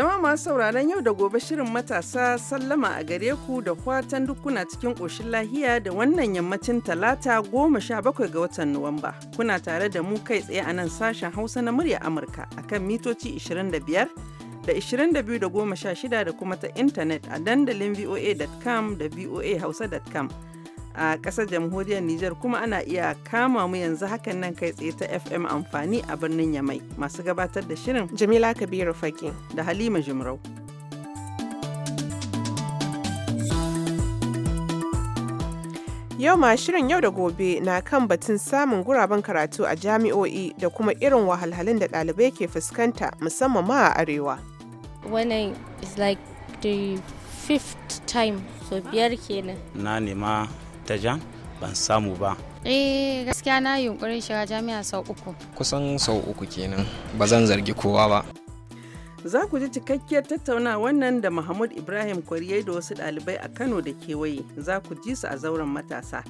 Jama'a ma sauraron yau da gobe shirin matasa sallama a gare ku da fatan kuna cikin koshin lahiya da wannan yammacin talata goma sha bakwai ga watan Nuwamba. Kuna tare da mu kai tsaye a nan sashen Hausa na murya Amurka akan mitoci 25 da 22 da goma sha shida da kuma ta intanet a dandalin voa.com da voahausa.com. a ƙasar jamhuriyar Nijar kuma ana iya kama mu yanzu hakan nan kai tsaye ta FM amfani a birnin Yamai masu gabatar da shirin Jamila Kabiru Faki da Halima Jumrau. Yau ma shirin yau da gobe na kan batun samun guraben karatu a jami'o'i da kuma irin wahalhalun da ɗalibai ke fuskanta musamman ma a arewa. Wannan is like the fifth time so biyar kenan. Na nema ta ja ban samu ba eh gaskiya na yunkurin shiga jami'a sau uku kusan sau uku kenan ba zan zargi kowa ba za ku ji cikakkiyar tattauna wannan da Mahmud Ibrahim Kwariye da wasu ɗalibai a Kano da kewaye za ku ji su a zauren matasa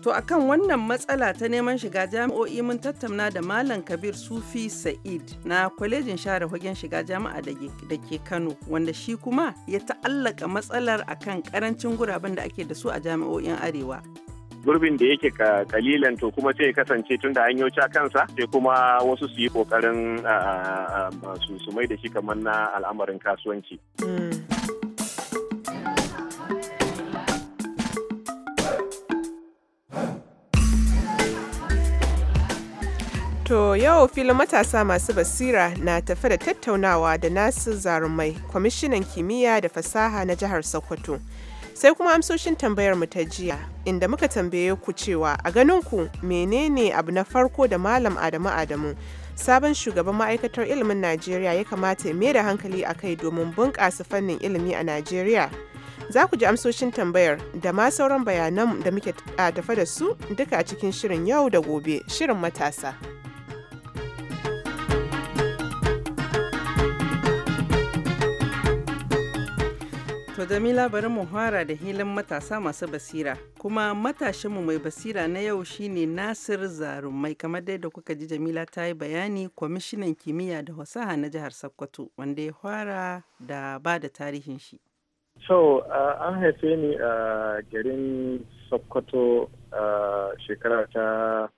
To akan wannan matsala ta neman shiga jami'o'i mun tattauna da Malam Kabir Sufi Sa'id na kwalejin share hagen shiga jami'a da ke Kano wanda shi kuma ya ta'allaka matsalar akan karancin guraben da ake da su a jami'o'in Arewa. gurbin da yake kalilan to kuma sai ya kasance tun da hanyoci a kansa sai kuma wasu su yi kokarin su mai da shi kamar na al'amarin kasuwanci. Mm. To yau filin matasa masu basira na tafi da tattaunawa da nasu Zarumai, kwamishinan kimiyya da fasaha na jihar Sokoto. Sai kuma amsoshin tambayar mu ta jiya, inda muka tambaye ku cewa a ganin ku menene abu na farko da Malam Adamu Adamu, sabon shugaban ma'aikatar ilimin Najeriya ya kamata ya da hankali a kai domin bunƙasa fannin ilimi a Najeriya. za ku ji amsoshin tambayar da ma sauran bayanan da muke tafa da su duka a cikin shirin yau da gobe shirin matasa. To Jamila bari mu fara da hilin matasa masu basira. Kuma matashinmu mai basira na yau shine Nasir Zarumai kamar dai da kuka ji Jamila ta yi bayani kwamishinan kimiyya da fasaha na jihar Sokoto wanda ya fara da ba da tarihin shi. So uh, an haife ni a garin Sokoto uh, shekara ta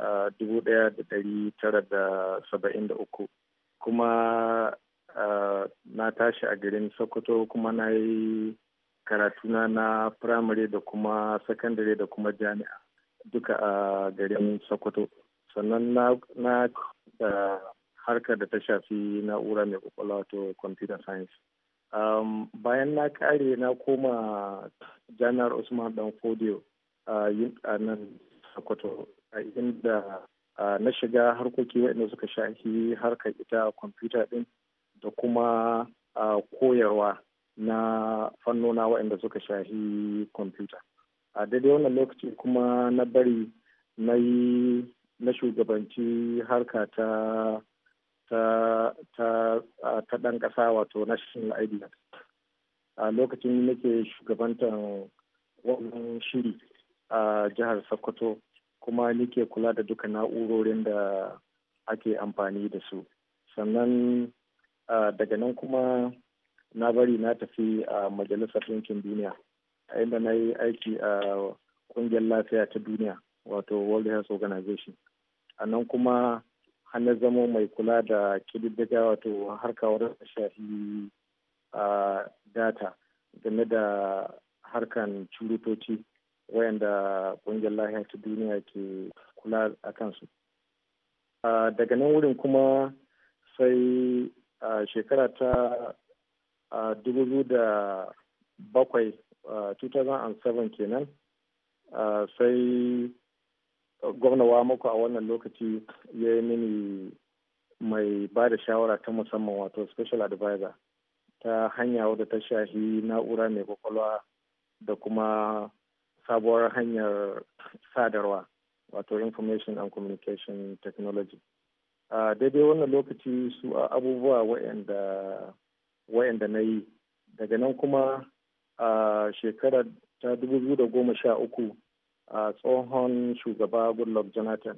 1973 uh, kuma na tashi a garin sokoto kuma na yi karatuna na firamare da kuma sakandare da kuma jami'a duka a garin sokoto sannan na da harkar da ta shafi na'ura mai kwakwalwa wato computer science bayan na kare na koma janar usman dan fodio a nan sokoto a inda na shiga harkoki waɗanda suka shafi harkar ita a kwamfuta ɗin da kuma koyarwa na fannona waɗanda suka shahi kwamfuta a daidai wannan lokaci kuma na bari na yi na shugabanci harka ta ta ɗan ƙasa wato national idea a lokacin nake shugabantar wannan shiri a jihar sokoto kuma nike kula da duka na'urorin da ake amfani da su sannan daga nan kuma na bari na tafi a majalisar ɗinkin duniya a inda na yi aiki a ƙungiyar lafiya ta duniya wato world health organization a nan kuma hannun zama mai kula da kididdiga wato harka shafi a data game da harkan curutoci wayanda ƙungiyar lafiya ta duniya ke kula a kansu daga nan wurin kuma sai a shekara ta bakwai 2007 kenan sai gwamna wamako a wannan lokaci ya yi mini mai ba da shawara ta musamman wato special advisor ta hanya wadda ta shahi na'ura mai kwakwalwa da kuma sabuwar hanyar sadarwa wato information and communication technology a daidai wannan lokaci su abubuwa wa'anda na yi daga nan kuma a shekarar ta sha uku a tsohon shugaba goodluck jonathan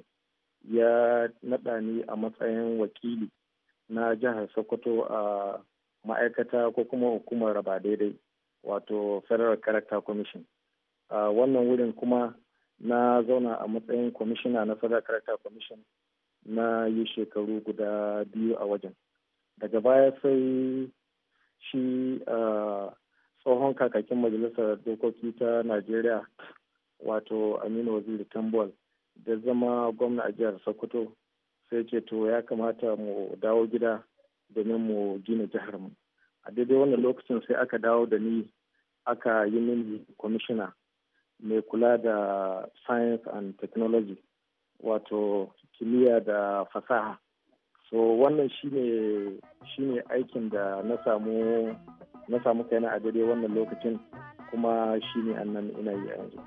ya naɗa ni a matsayin wakili na jihar sokoto a ma'aikata ko kuma hukumar raba daidai wato federal character commission a wannan wurin kuma na zauna a matsayin kwamishina na federal character commission na yi shekaru guda biyu a wajen daga baya sai shi tsohon kakakin majalisar dokoki ta najeriya wato aminu waziri tambol da zama gwamna a jihar sokoto sai ce to ya kamata mu dawo gida domin mu gina jihar mu a daidai wannan lokacin sai aka dawo da ni aka yi mini kwamishina mai kula da science and technology wato kimiyya da fasaha so wannan shi ne aikin da na samu na samu a dare wannan lokacin kuma shi ne annan ina yi a yanzu.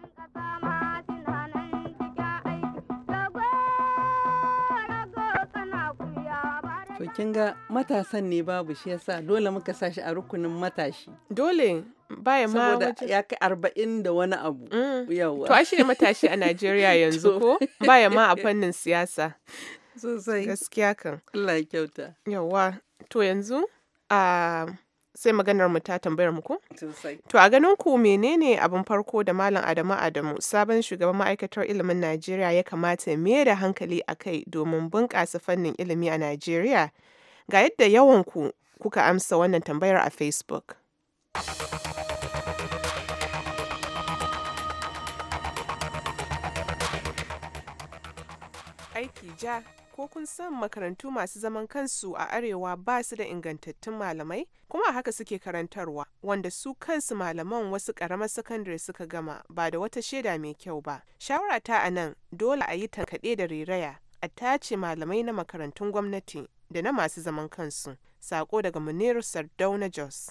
To kin ga matasan ne babu shi yasa dole muka sashi a rukunin matashi. Dole baya ma saboda ya kai arba'in da wani abu. Mm. Yawwa. To ashe matashi a Najeriya yanzu ko baya ma a fannin siyasa. Sosai. Gaskiya kan. Allah ya kyauta. Yawwa. To yanzu a ah, sai maganar mu ta tambayar muku To a ganin ku menene abin farko da Malam Adamu Adamu sabon shugaban ma'aikatar ilimin Najeriya ya kamata me da hankali a kai domin bunƙasa fannin ilimi a Najeriya? Ga yadda yawan ku kuka amsa wannan tambayar a Facebook. Aiki ja ko kun san makarantu masu zaman kansu a arewa ba su da ingantattun malamai kuma haka suke karantarwa wanda su kansu malaman wasu karamar sakandare suka gama ba da wata shaida mai kyau ba shawara ta a nan dole a yi tankaɗe da riraya a tace malamai na makarantun gwamnati da na masu zaman kansu sako daga munir sardauna jos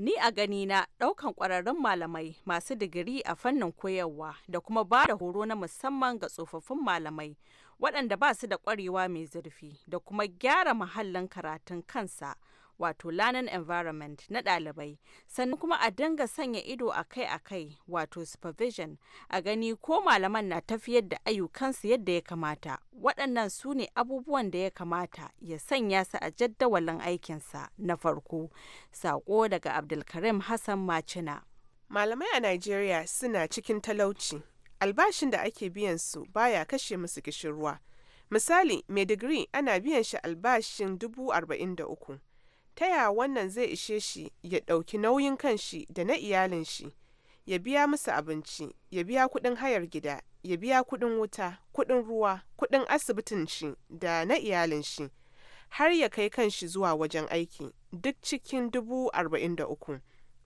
Ni a gani na ɗaukan ƙwararrun malamai masu digiri a fannin koyarwa da kuma ba da horo na musamman ga tsofaffin malamai waɗanda ba su da ƙwarewa mai zurfi da kuma gyara muhallin karatun kansa wato learning environment na dalibai sannan kuma a dinga sanya ido akai-akai wato supervision a gani ko malaman na tafiyar da ayyukansu yadda ya kamata waɗannan su ne abubuwan da ya kamata ya sanya su a jaddawalin aikinsa na farko saƙo daga abdulkarim hassan macina malamai a nigeria suna cikin talauci albashin da ake biyan su baya kashe musu gishirwa misali mai digiri ana biyan shi albashin dubu arba'in da uku ta ya wannan zai ishe shi ya ɗauki nauyin kan shi da na iyalin shi ya biya musu abinci ya biya kuɗin hayar gida ya biya kuɗin wuta kuɗin ruwa kuɗin asibitin shi da na iyalin shi har ya kai kanshi zuwa wajen aiki duk cikin dubu arba'in da uku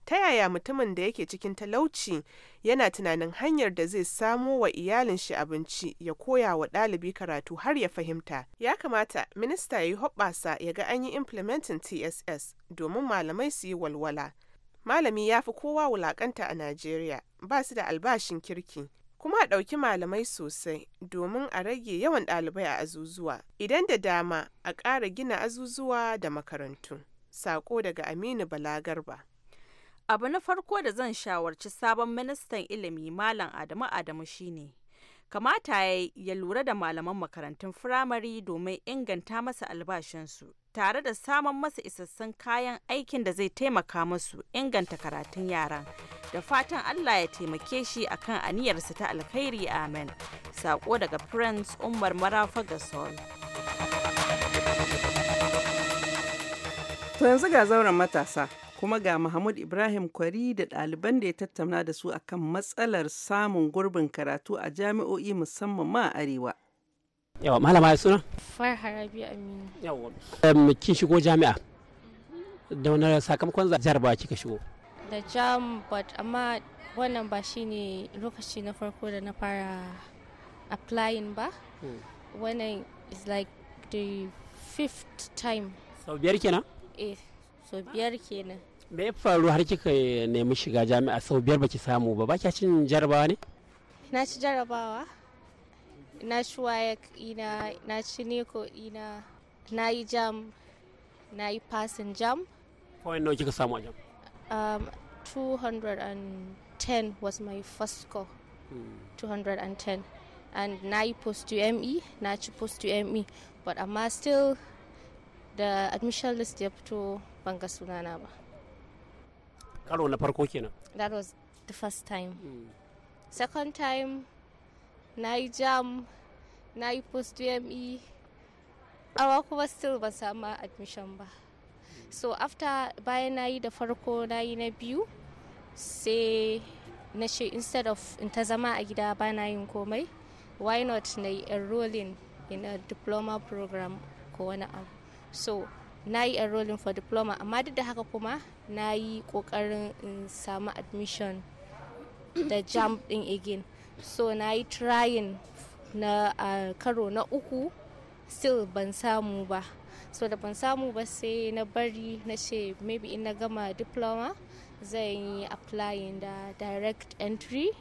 ta yaya mutumin da yake cikin talauci yana tunanin hanyar da zai samo wa iyalin shi abinci ya koya wa ɗalibi karatu har ya fahimta ya kamata minista ya yi hoɓɓasa ya ga an yi implementing tss domin malamai su yi walwala malami ya fi kowa wulaƙanta a najeriya ba su da albashin kirki kuma a ɗauki malamai sosai domin a rage yawan ɗalibai a azuzuwa idan da dama a ƙara gina azuzuwa da makarantu sako daga aminu bala garba Abu na farko da zan shawarci sabon ministan ilimi Malam Adamu Adamu shine kamata ya ya lura da malaman makarantun firamare domin inganta masa albashinsu tare da samun masa isassun kayan aikin da zai taimaka masu inganta karatun yaran da fatan Allah ya taimake shi akan aniyarsa ta alkhairi amen sako daga prince umar marafa ga sol to yanzu ga zauren matasa kuma ga Mahmud Ibrahim Kwari da ɗaliban da ya tattauna da su akan matsalar samun gurbin karatu a jami'o'i musamman ma arewa. Yawa malama ya suna? Farha Rabi Aminu. Yawa. kin shigo jami'a? Da wani sakamakon jarabawa kika shigo? Da jam but amma wannan ba shi ne lokaci na farko da na fara applying ba. Hmm. Wannan is like the fifth time. Sau biyar kenan? Eh. so biyar kenan me ya faru har kika nemi shiga jami'a sau biyar baki samu ba baki cin jarabawa ne na ci jarabawa na ci waya ina na ci ne ko ina na yi jam na yi passing jam point nawa kika samu a jam um, 210 was my first score hmm. 210 and na yi post to me na ci post to me but amma still da admission list ya fito ban ga sunana ba karo na farko kenan that was the first time mm. second time na yi jam na yi post dme awa kuma still ban samu admission ba so after bayan na yi da farko na yi na biyu sai na ce instead of in ta zama a gida ba na yin komai why not na yi enrolling in a diploma program ko wani abu so na yi enrolling for diploma amma duk da haka kuma na yi kokarin in samu admission da jam din again so na yi trying na karo na uku still ban samu ba so da ban samu ba sai na bari na ce maybe in na gama diploma zan yi applying da direct entry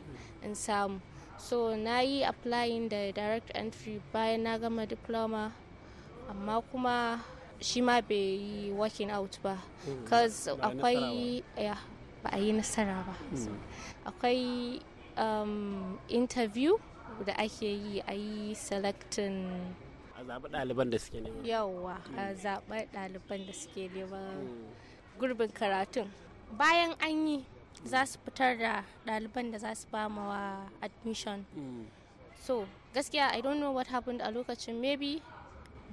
in samu so na yi applying da direct entry bayan na gama diploma amma kuma shi ma bai yi working out ba mm. cause akwai ba a yi nasara ba mm. akwai um, interview da ake yi a yi selecting a zaɓi ɗaliban da suke nema yawa a mm. zaɓi ɗaliban da suke nema gurbin karatun bayan an yi za su fitar da ɗaliban da za su ba wa admission so gaskiya i don't know what happened a lokacin maybe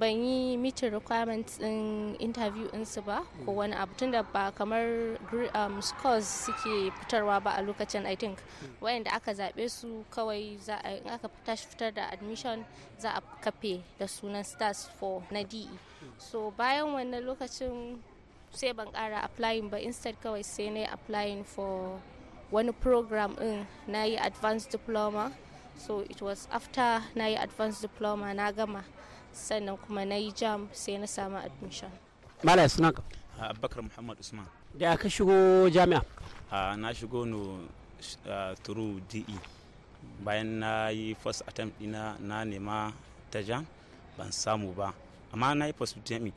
ban yi meeting requirements in interview insu ba ko hmm. wani abu tunda ba kamar um, scores suke fitarwa ba a lokacin i think hmm. wayanda aka zabe su kawai za a in aka tashi fitar da admission za a kafe da sunan stars for na de hmm. so bayan wannan lokacin sai ban ƙara applying ba instead kawai sai na applying for wani program din na yi advanced diploma so it was after na yi advanced diploma na gama sannan kuma na yi jam sai na samu admission malaya suna ka ah, abubakar muhammad usman da aka shigo jami'a ah, na shigo no ah, turu de bayan na yi first attempt dina na nema ta jam ban samu ba amma na yi first jami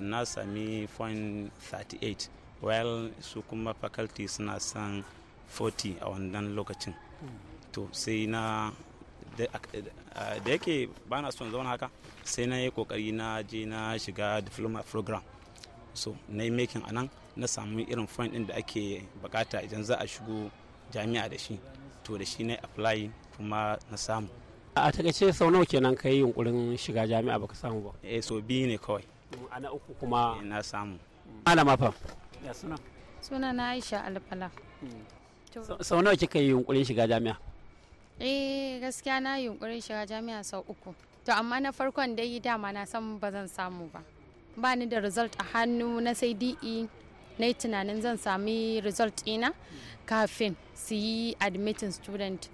na sami point 38 while su kuma faculty suna san 40 a wannan lokacin to sai na da yake ba na son zauna haka sai na yi kokari na je na shiga diploma program so na yi a anan na samu irin fund din da ake bukata idan za a shigo jami'a da shi to da shi na apply kuma na samu a takaice sau nawa kenan kai yunkurin shiga jami'a baka samu ba eh so biyu ne kawai ana uku kuma eh, na samu ala mafa ya suna suna na Aisha Alfala hmm. sau nawa kika yi yunkurin shiga jami'a eh gaskiya na yunkurin shiga jami'a sau uku to amma na farkon dai dama na san ba zan samu ba ba ni da result a hannu na sai DE na yi tunanin zan sami result ina kafin su yi admitting student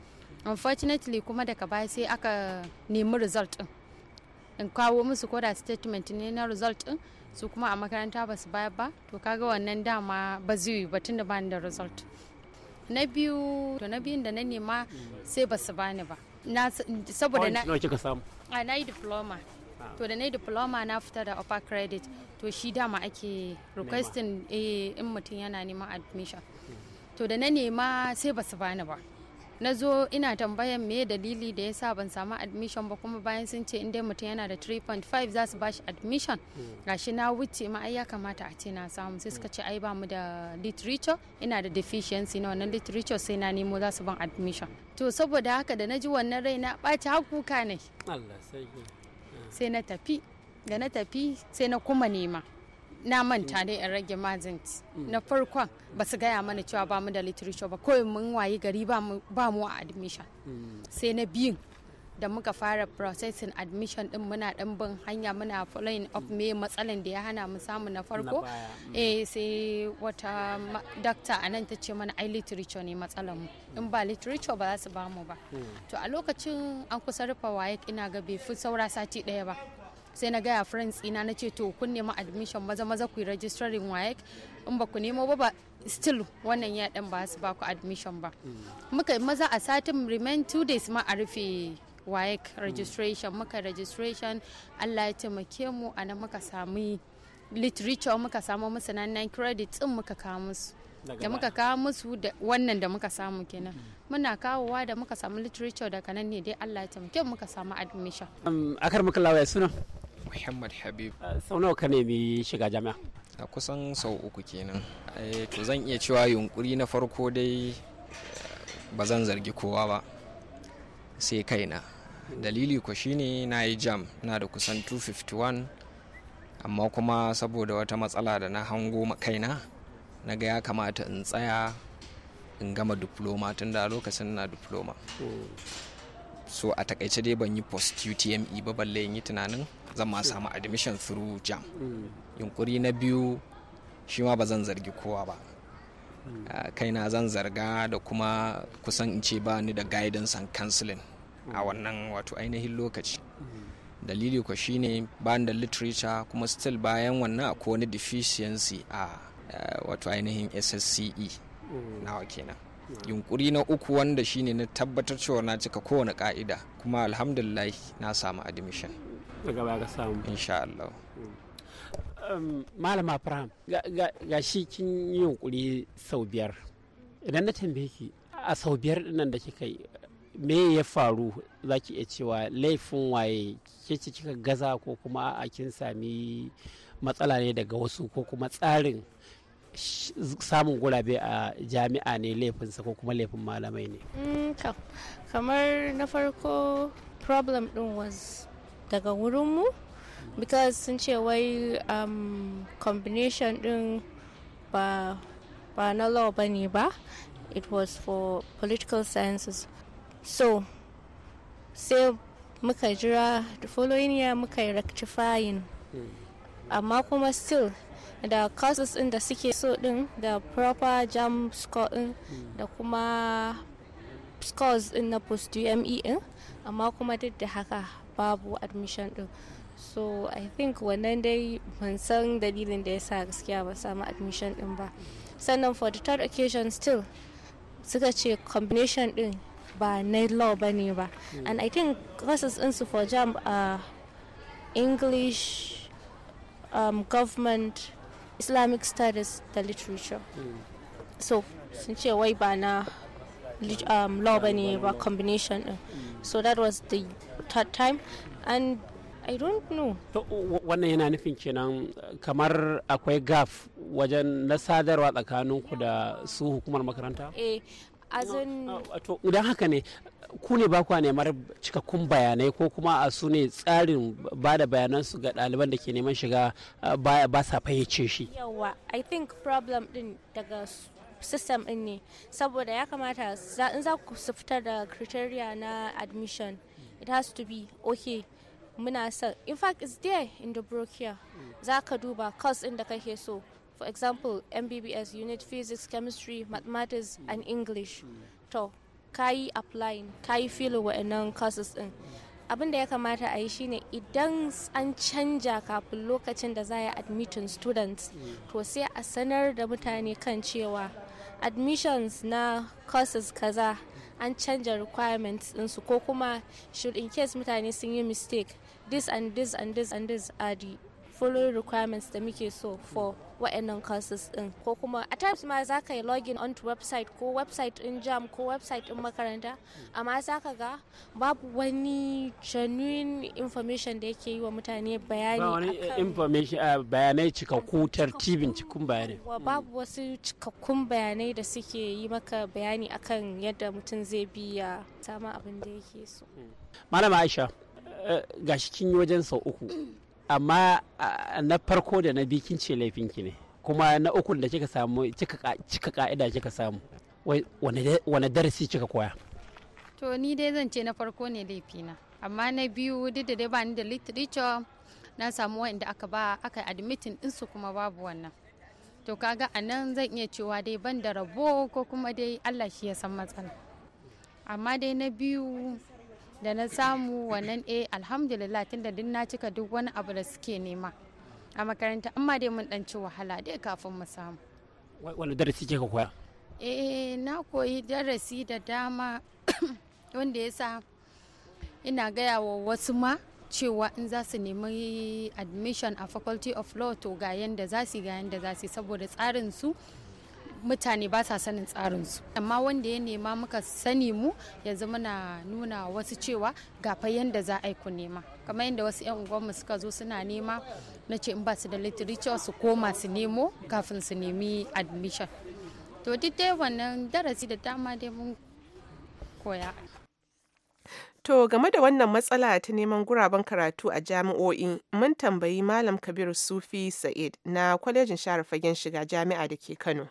unfortunately kuma daga baya sai aka nemi result din in kawo musu koda statement ne na result din su kuma a makaranta ba su bayar ba to kaga wannan dama ba zuwi ba tunda ba ni da result na biyu to na biyun da na nema sai ba su bani ba na saboda na kika samu a na yi diploma to da na yi diploma na fita da upper credit to shi dama ake requesting eh, in mutum yana neman admission to da na nema sai ba su bani ba na zo ina tambayan me dalili da ya sa ban samu admission ba kuma bayan sun ce inda mutum yana da 3.5 za su ba shi admission hmm. gashi na wuce ma ai ya kamata a ce na samu sai suka ce ai ba mu da literature ina da deficiency na wannan literature sai na nemo za su ban admission to saboda haka da na ji wannan rai na ɓaci har kuka ne sai na tafi da na tafi sai na kuma nema na manta ne in rage mazin mm. na farkon ba su gaya mana cewa ba mu da literature ba kawai mun wayi gari ba mu a admission mm. sai na biyun da muka fara processing admission din muna dan bin hanya muna following up mm. me matsalan da ya hana mu samu na farko eh sai wata doctor anan ta ce mana ai literature ne matsalan mu in ba literature ba za su ba mu ba to a lokacin an kusa rufe waye ina ga bai fi saura sati daya ba sai na gaya friends ina na ce to kun nemi admission maza maza ku yi registering WAEC in ba ku nemo ba ba still wannan ya dan ba su ba ku admission ba mm. muka maza a satin remain two days ma a rufe WAEC mm. registration muka registration Allah ya taimake mu a nan muka samu literature muka samu musu nan credit din muka kawo musu da muka kawo musu da wannan da muka samu kenan mm. muna kawowa da muka samu literature daga nan ne dai Allah ya taimake muka samu admission akar muka lawaya suna Muhammad Habib. Eh, sau nawa ka nemi shiga jami'a? A kusan sau uku kenan. Eh, to zan iya cewa yunkuri na farko dai eh, ba zan zargi kowa ba sai kaina. Dalili ku shine na yi jam na da kusan 251 amma kuma saboda wata matsala da na hango kaina na ga ya kamata in tsaya in gama diploma tun da lokacin na diploma. Hmm. so a takaice dai ban yi post utme ba balle in yi tunanin zan ma samu admission through jam hmm. yunkuri na biyu shi ma ba zan zargi kowa ba hmm. ah, kaina zan zarga da kuma kusan in ce ba ni da guidance and counseling a hmm. wannan wato ainihin lokaci dalili ko shine ba da literature kuma still bayan wannan akwai wani deficiency a eh, wato ainihin ssce nawa kenan yunkuri na uku wanda shine na tabbatar cewa na cika kowane ka'ida kuma alhamdulillah na samu admission daga gaba ka samu insha Allah um, malama Abraham ga shi kin yi yunkuri sau biyar idan na tambaye ki a sau biyar dinnan da kika yi me ya faru za ki iya cewa laifin waye ke ce kika gaza ko kuma a kin sami matsala ne daga wasu ko kuma tsarin samun gurabe a jami'a ne laifinsa ko kuma laifin malamai ne mm, kamar na farko problem din was daga wurinmu because sun ce wai um, combination din ba, ba na law ba ne ba it was for political sciences so sai muka jira the following year muka yi rectifying amma kuma still da courses din da suke so din da proper jam score din da kuma scores din na post UME din amma kuma duk da haka babu admission din so i think wannan dai ban san dalilin da ya sa gaskiya ba samu admission din ba sannan for the third occasion still suka ce combination din ba na law ba ne hmm. ba and i think classes su for jam uh, english um, government islamic studies da literature hmm. so sun ce wai ba na um, law bane ba combination din uh. so that was the third time and I don't know. wannan yana nufin kenan kamar akwai gaf wajen na sadarwa tsakaninku da su hukumar makaranta? Eh, azon to idan haka ne ku ne ba kwa neman cikakkun bayanai ko kuma a su ne tsarin ba da bayanan su ga ɗaliban da ke neman shiga uh, ba sa fayyace shi yawa i think problem din daga system ɗin ne saboda ya kamata in za ku su fitar da criteria na admission it has to be okay muna son in fact it's there in the broker za ka duba course ɗin da kake so for example mbbs unit physics chemistry mathematics and english to ka yi applying ka yi filin wa'annan courses ɗin abin da ya kamata a yi shine idan an canja kafin lokacin da za a admitting students to sai a sanar da mutane kan cewa admissions na courses kaza an canja requirements ɗinsu ko kuma should in case mutane sun yi mistake this and this and this and this are the following requirements da muke so for wa'annan courses din ko kuma a times ma za ka yi login onto website ko website in jam ko website in makaranta amma za ka ga babu wani genuine information da yake yi wa mutane bayani ba wani information ah, bayanai cikakku tartibin cikin bayanai babu wasu cikakkun bayanai da suke yi maka bayani akan yadda mutum zai biya sama abin da yake so hmm. malama aisha eh, gashi kin yi wajen sau uku amma na farko da na bikin ce laifinki ne kuma na ukun da kika samu cika ka'ida kika samu wane darasi kika koya to ni dai zan ce na farko ne laifina amma na biyu duk da dai ba ni da literature na samu wa'anda aka ba aka admitin ɗinsu kuma babu wannan to kaga a nan zan iya cewa dai ban da rabo ko kuma dai allah shi ya san matsala amma dai na biyu da na samu wannan eh alhamdulillah tunda da na cika duk wani abu da suke nema a makaranta amma dai mun dan ci wahala dai kafin mu samu wani darasi ka koya eh na koyi darasi da dama wanda ya sa ina gaya wa wasu ma cewa in za su nemi admission a faculty of law to ga yanda za su ga yanda za su saboda tsarin su mutane ba sa sanin tsarinsu amma wanda ya nema muka sani mu yanzu muna nuna wasu cewa ga fa yanda za a ku nema kamar yadda wasu 'yan unguwanmu suka zo suna nema na ce in ba su da literature su koma su nemo kafin su nemi admission to duk dai wannan darasi da dama dai mun koya To game da wannan matsala ta neman guraben karatu a jami'o'i mun tambayi Malam Kabiru Sufi Sa'id na kwalejin share fagen shiga jami'a da ke Kano.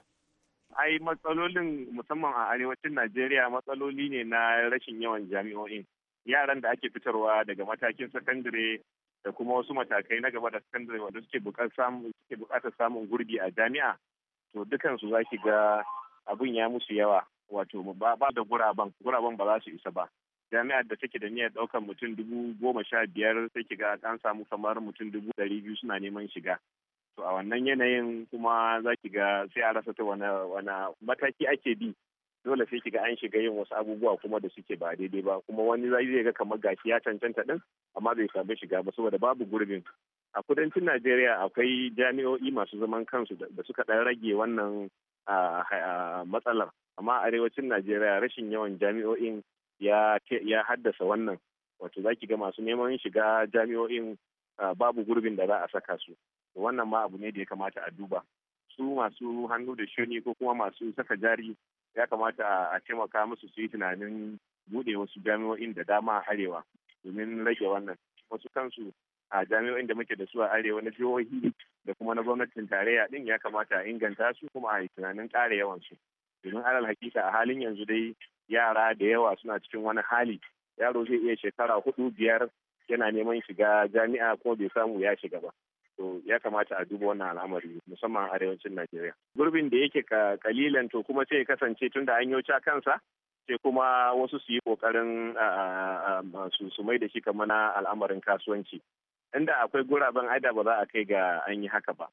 ai matsalolin musamman a arewacin najeriya matsaloli ne na rashin yawan jami'o'in yaran da ake fitarwa daga matakin sakandare da kuma wasu matakai na gaba da sakandare wanda suke bukatar samun gurbi a jami'a to dukansu za ki ga abun ya musu yawa wato ba da guraben guraben ba za su isa ba jami'ar da take da niyyar daukan mutum dubu goma sha biyar sai ki ga an samu kamar mutum dubu ɗari biyu suna neman shiga to a wannan yanayin kuma za ki ga sai a rasa ta wani mataki ake bi dole sai ki ga an shiga yin wasu abubuwa kuma da suke ba daidai ba kuma wani zai ga kamar gashi ya cancanta din amma bai samu shiga ba saboda babu gurbin a kudancin najeriya akwai jami'o'i masu zaman kansu da suka dan rage wannan matsalar amma a arewacin najeriya rashin yawan jami'o'in ya haddasa wannan wato za ki ga masu neman shiga jami'o'in babu gurbin da za a saka su wannan ma abu ne da ya kamata a duba su masu hannu da shuni ko kuma masu saka jari ya kamata a taimaka musu su yi tunanin buɗe wasu jami'o'in da dama a arewa domin rage wannan wasu kansu a jami'o'in da muke da su a arewa na jihohi da kuma na gwamnatin tarayya din ya kamata a inganta su kuma a yi tunanin ƙara yawan su domin alal hakika a halin yanzu dai yara da yawa suna cikin wani hali yaro zai iya shekara hudu biyar yana neman shiga jami'a ko bai samu ya shiga ba to ya kamata a duba wannan al'amari musamman a arewacin najeriya gurbin da yake kalilan to kuma sai ya kasance tun da an yoci kansa sai kuma wasu su yi kokarin su su mai da shi kamar na al'amarin kasuwanci inda akwai guraben aida ba za a kai ga an yi haka ba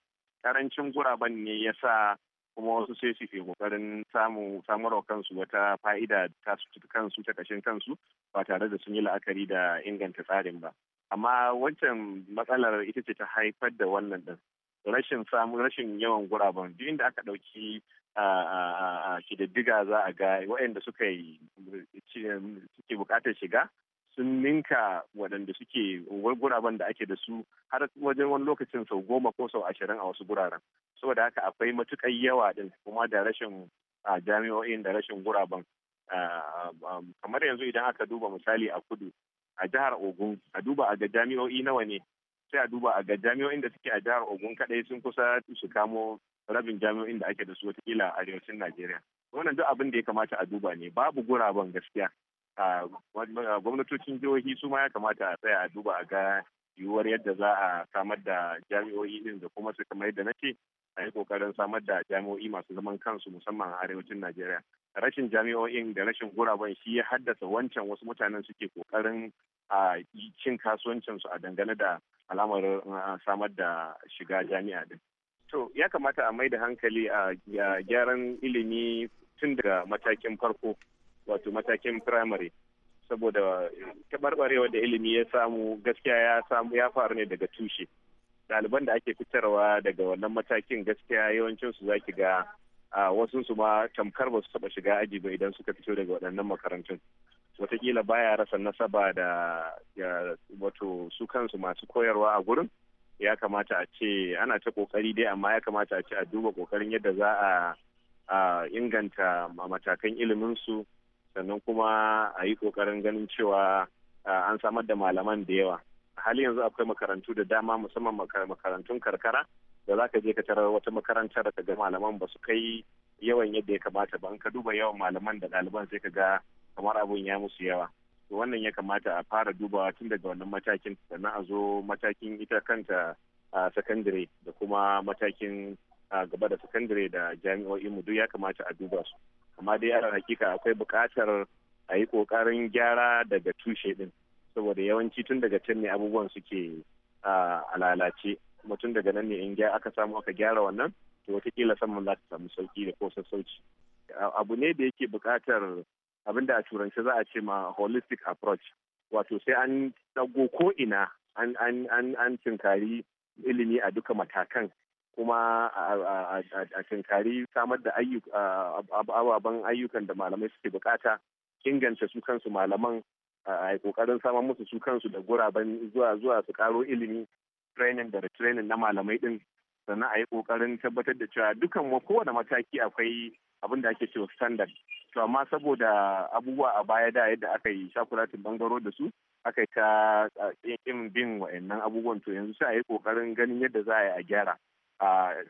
karancin guraben ne ya sa kuma wasu sai su ke kokarin samu samarwa kansu wata fa'ida ta kansu ta kashin kansu ba tare da sun yi la'akari da inganta tsarin ba amma wancan matsalar ita ce ta haifar da wannan din rashin samun rashin yawan guraben duk inda aka ɗauki shididdiga za a ga waɗanda suka yi suke bukatar shiga sun ninka waɗanda suke guraben da ake da su har wajen wani lokacin sau goma ko sau ashirin a wasu guraren saboda haka akwai matukar yawa din kuma da rashin jami'o'in da rashin guraben kamar yanzu idan aka duba misali a kudu a jihar ogun a duba a ga jami'o'i nawa ne sai a duba a ga jami'o'in da suke a jihar ogun kadai sun kusa su kamo rabin jami'o'in da ake da su watakila a arewacin najeriya wannan duk abin da ya kamata a duba ne babu guraben gaskiya gwamnatocin jihohi su ma ya kamata a tsaya a duba a ga yiwuwar yadda za a samar da jami'o'i din da kuma su kamar yadda nace a yi kokarin samar da jami'o'i masu zaman kansu musamman a arewacin najeriya rashin jami'o'in da rashin guraben shi ya haddasa wancan wasu mutanen suke kokarin a cin kasuwancinsu a dangane da alamar samar da shiga jami'a din. To ya kamata a mai da hankali a gyaran ilimi tun daga matakin farko wato matakin firamare saboda tabarbarewa da ilimi ya samu gaskiya ya samu ya faru ne daga tushe. Ɗaliban da ake fitarwa daga wannan matakin gaskiya yawancinsu za ki ga wasu su ma tamkar ba su taba shiga aji ba idan suka fito daga waɗannan makarantun wataƙila baya rasa nasaba da wato su kansu masu koyarwa a gurin ya kamata a ce ana ta kokari dai amma ya kamata a ce a duba kokarin yadda za a inganta matakan iliminsu sannan kuma a yi kokarin ganin cewa an samar da malaman da yawa hali yanzu akwai makarantu da dama musamman makarantun karkara da za ka je ka tara wata makaranta da ka ga malaman ba su kai yawan yadda ya kamata ba in ka duba yawan malaman da ɗaliban sai ka ga kamar abun ya musu yawa to wannan ya kamata a fara dubawa tun daga wannan matakin sannan a zo matakin ita kanta a sakandare da kuma matakin gaba da sakandare da mu duk ya kamata a duba su amma dai a hakika akwai buƙatar a yi ƙoƙarin gyara daga tushe ɗin saboda yawanci tun daga can ne abubuwan suke a lalace kuma tun daga nan ne in aka samu aka gyara wannan to kila saman za ta samu sauki da ko sassauci abu ne da yake buƙatar abin da a turance za a ce ma holistic approach wato sai an ɗago ko ina an an ilimi a duka matakan kuma a tinkari samar da ababen ayyukan da malamai suke bukata inganta su kansu malaman a kokarin samar musu su kansu da guraben zuwa zuwa su karo ilimi training da training na malamai din sannan a yi kokarin tabbatar da cewa dukan kowane mataki akwai abin da ake cewa standard to amma saboda abubuwa a baya da yadda aka yi shakuratin bangaro da su aka yi ta yin eh, bin wa'annan abubuwan to yanzu sai a yi kokarin ganin yadda za a yi a gyara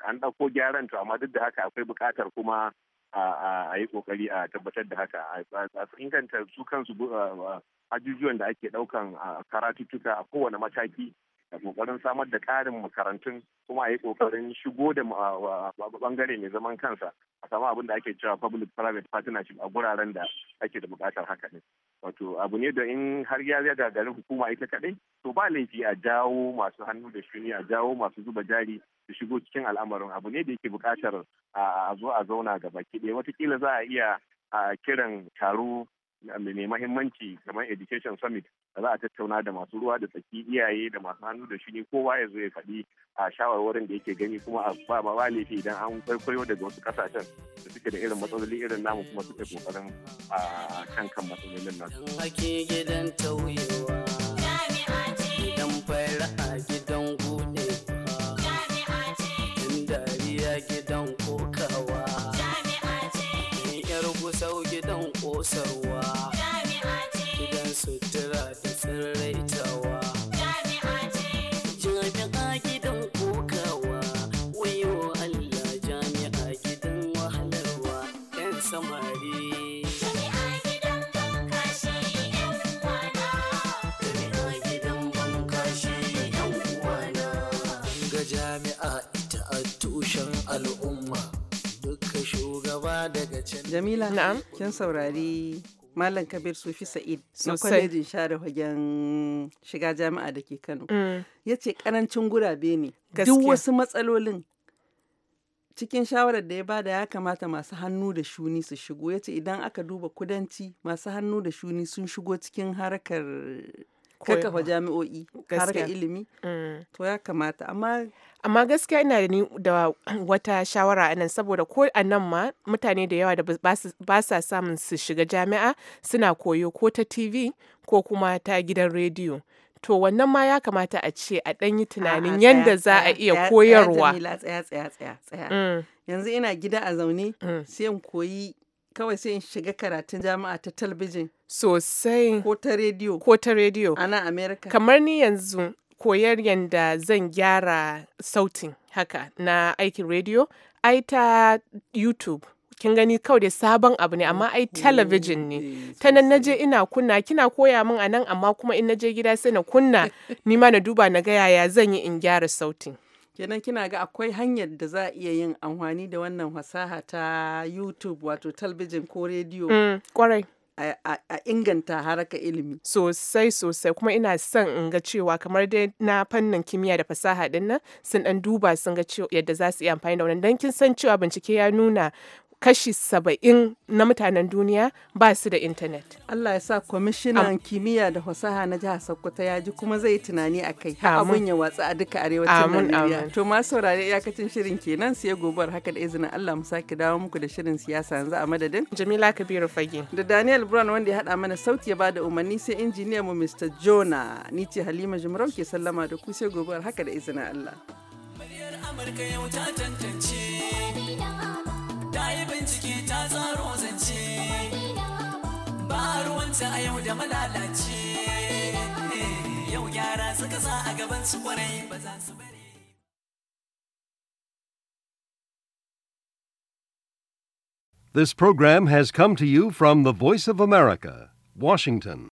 an ɗauko gyaran to amma duk da haka akwai buƙatar kuma a yi kokari a tabbatar da haka a inganta su kansu eh, ajujuwan da ake ɗaukan karatuttuka a kowane mataki da kokarin samar da karin makarantun kuma a yi kokarin shigo da bangare mai zaman kansa a samu abin da ake cewa public private partnership a guraren da ake da bukatar haka ne wato abu ne da in har ya ya gagarin hukuma ita kaɗai to ba laifi a jawo masu hannu da shuni a jawo masu zuba jari su shigo cikin al'amarin abu ne da yake bukatar a zo a zauna gaba ki ɗaya watakila za a iya a kiran taro mai mahimmanci kamar education summit da za a tattauna da masu ruwa da tsaki iyaye da masu hannu da shuni kowa ya zo ya faɗi a shawarwarin da yake gani kuma a ba ba laifi idan an kwaikwayo daga wasu kasashen da suke da irin matsaloli irin namu kuma suke kokarin a kan kan matsalolin nasu. gidan tauyewa. Jamila. Na'am. Kin saurari Malam Kabir Sufi Sa'id na kwalejin share hagen shiga jami'a da ke Kano. Mm. Ya ce karancin gurabe ne. Duk wasu matsalolin cikin shawarar da ya bada ya kamata masu hannu da shuni su shigo ya ce idan aka duba kudanci masu hannu da shuni sun shigo cikin harkar fa jami'o'i harkar ilimi mm. to ya kamata amma amma gaskiya ina da da wata shawara anan saboda ko a nan ma mutane da yawa da ba sa samun su shiga jami'a suna koyo ko ta tv ko kuma ta gidan rediyo to wannan ma ya kamata a ce a ɗan yi tunanin yadda za a iya koyarwa tsaya tsaya tsaya tsaya mm. yanzu ina gida a zaune mm. sai in koyi kawai sai in shiga karatun jami'a ta talbijin. Sosai. Ko ta rediyo. Ko ta rediyo. A Amerika. Kamar ni yanzu koyar yadda zan gyara sautin haka na aikin rediyo, ai ta YouTube. kin gani kawai da sabon abu ne amma ai talabijin ne ta nan naje ina kunna kina koya min a nan amma kuma in na je gida sai na kunna ni ma na duba na ga yaya zan yi in gyara sautin kenan kina ga akwai hanyar da za a iya yin amfani da wannan fasaha ta youtube wato talbijin ko rediyo mm, kwarai a, inganta haraka ilimi sosai sosai kuma ina son in ga cewa kamar dai na fannin kimiyya da fasaha ɗinnan, sun dan duba sun ga cewa yadda za su yi amfani da wannan dan kin san cewa bincike ya nuna kashi saba'in na mutanen duniya ba su da intanet. Allah ya sa kwamishinan kimiyya da fasaha na jihar Sokoto ya ji kuma zai tunani a kai har abun ya watsa a duka arewacin Najeriya. To ma saurare iyakacin shirin kenan sai gobar haka da izinin Allah mu sake dawo muku da shirin siyasa yanzu a madadin. Jamila Kabiru Fage. Da Daniel Brown wanda ya haɗa mana sauti ya bada umarni sai injiniya mu Mr. Jona ni ce Halima Jumrau ke sallama da ku sai gobar haka da izinin Allah. Amurka yau ta tantance. ta tsaro zance ba ruwanta a yau da malalace yau gyara suka sa a gaban su kwarai ba za su bari This program has come to you from the Voice of America, Washington.